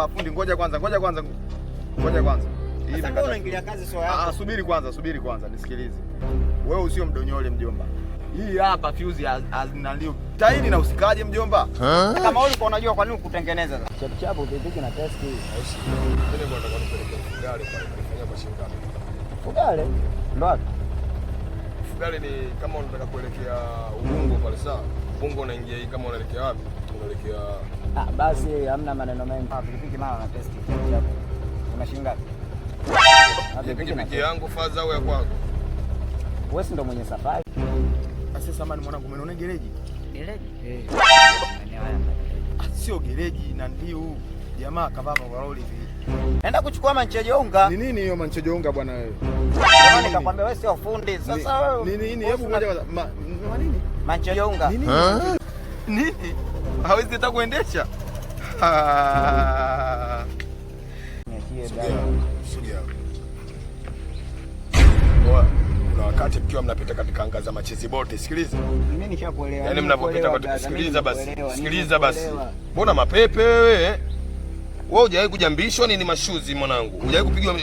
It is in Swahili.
kwa fundi. Ngoja kwanza, ngoja kwanza, ngoja kwanza. unaingilia kazi sio yako? Ah, subiri kwanza, subiri kwanza nisikilize. Wewe usio mdonyole mjomba. Hii hapa fuse azinaliu taini na usikaje mjomba. Kama wewe unajua kwa nini kutengeneza sasa. Chap chap upitiki na test hii. Ndio bwana kwa nini gari kwa kufanya kwa mashindano. Ugale. Ndio. Fugale ni kama unataka kuelekea Ubungo pale sawa. Ubungo unaingia hii kama unaelekea wapi? Unaelekea ah, basi hamna maneno mengi. Ah, pikipiki mama na test hapo. shilingi ngapi? Ah, pikipiki yangu faza au ya kwako? Wewe si ndo mwenye safari. Ah, Sasa samani mwanangu, umeona gereji? Gereji? Eh. Yaani ah, sio gereji na ndio jamaa kavaa kwa hivi. Naenda kuchukua manchejo unga. Ni nini hiyo manchejo unga bwana wewe? Nikakwambia wewe sio fundi. Sasa wewe. Ni nini? Hebu ngoja kwanza. Ma nini? Manchejo unga. Nini? Nini? Hawezi hata kuendesha. Kuna wakati mkiwa mnapita katika anga za machezi bote, sikiliza. Mimi nishakuelewa. Yaani mnavyopita katika, sikiliza basi. Sikiliza basi. Mbona mapepe wewe? Eh? Wewe hujawahi kujambishwa nini mashuzi mwanangu? Hujawahi kupigwa